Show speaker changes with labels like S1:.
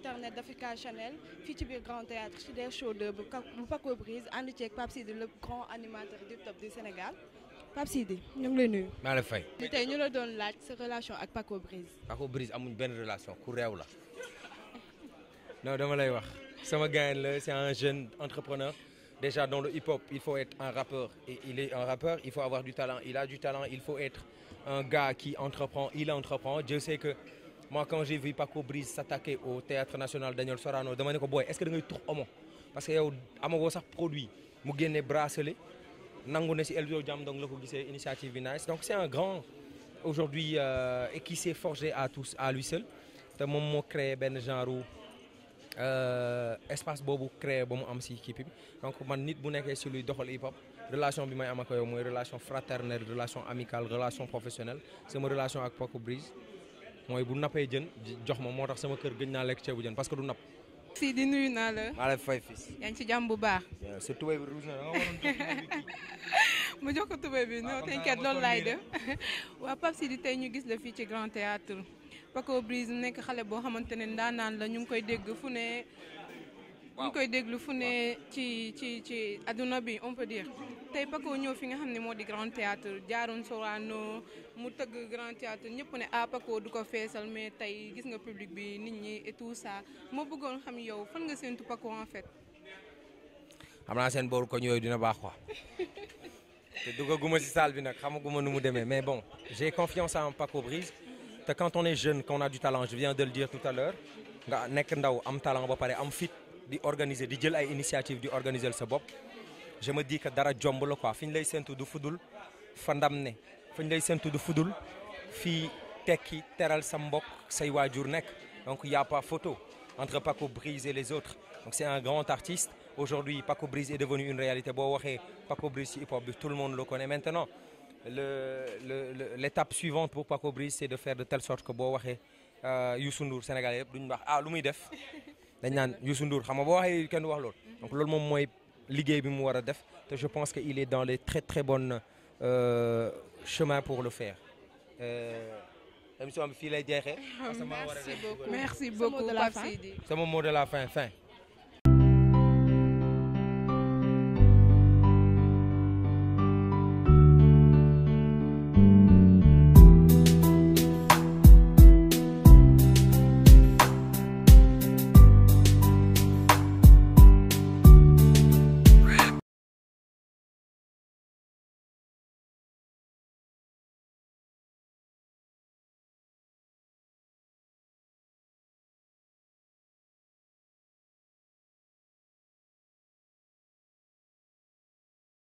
S1: internet d'Africa Channel fii ci biir Grand Théâtre ci des show de bu Paco Brise ànd ceeg Pape Sidi le grand animateur du top du Sénégal
S2: Pape Sidi ñu ngi lay nuyu. maa la fay.
S1: tey ñu la doon laaj sa relation ak Paco Brise.
S2: Paco Brise amuñ benn relation ku réew la non dama lay wax sama gars la c'est un jeune entrepreneur. Déjà dans le hip-hop, il faut être un rappeur et il est un rappeur, il faut avoir du talent, il a du talent, il faut être un gars qui entreprend, il entreprend. Dieu sait que moi quand j'ai vu Paco Briz s'attaquer au théâtre national Daniel Sorano dama ne ko booy est-ce que da ngay tux omo parce que yow sax produit mu génne bracelet nangu na si Elzo Jam donc la ko gisee initiative bi nice donc c'est un grand aujourd'hui euh, et qui à tous à lui seul te moom moo créé benn genre Euh, espace boobu créé ba mu am si équipe bi donc man nit bu nekkee si luy doxal hip hop relation bi may am ak yow mooy relation fraternelle relation amicale relation professionnelle sama relation ak Paco mooy bu nappee jën jox ma moo tax sama kër gëj naa lekk ceebu jën parce que du napp. si
S1: di nuyu naa la.
S2: maa lay fay fii.
S1: yaa ngi ci jàmm bu baax.
S2: sa tubéy bi rouge na nga waroon
S1: mu jox ko tubéy bi ah, non t'inquiète loolu laay def. waa Pape Sidi tey ñu gis la fii ci Grand Théâtre Paco Briz nekk xale boo xamante ne ndaanaan la ñu ngi koy dégg fu ne ñu koy déglu fu ne ci ci ci adduna bi on peut dire ñëw fi nga xam ne moo di grand théâtre jaaroon Sorano mu tëgg grand théâtre ñëpp ne ah Paco du ko feesal mais tey gis nga public bi nit ñi et tout ça moo bëggoon xam yow fan nga séntu Paco en fait.
S2: xam naa seen booru ko yooyu dina baax quoi te duggaguma ci salle bi nag xamaguma nu mu demee mais bon j'ai confiance en Paco Brice te quand on est jeune qu'on a du talent je viens de le dire tout à l'heure di organiser di jël ay initiative di organiser sa bopp je me dis que dara jomb la quoi fi ñu lay séntu du fudul fa ndam ne fi ñu lay séntu du fudul fii tekki teral sa mbokk say waajur nekk donc y a pas photo entre Paco Brise les autres donc c'est un grand artiste aujourd'hui Paco Brise est devenu une réalité boo waxee Paco Brise ci hip-hop bi tout le monde le connaît maintenant le le l'étape suivante pour pako Brise c'est de fair de telle sorte que boo waxee euh, Youssou Ndour Sénégalais yëpp duñu wax ah lu muy def dañ naan Youssou Ndour xam nga boo waxee kenn wax loolu. donc loolu moom mooy liggéey bi mu war a def te je pense que il est dans les très très bonnes euh, pour le faire. Euh, émission bi fii lay jeexee. merci beaucoup merci beaucoup Pape Sidi. sama mot de la fin fin.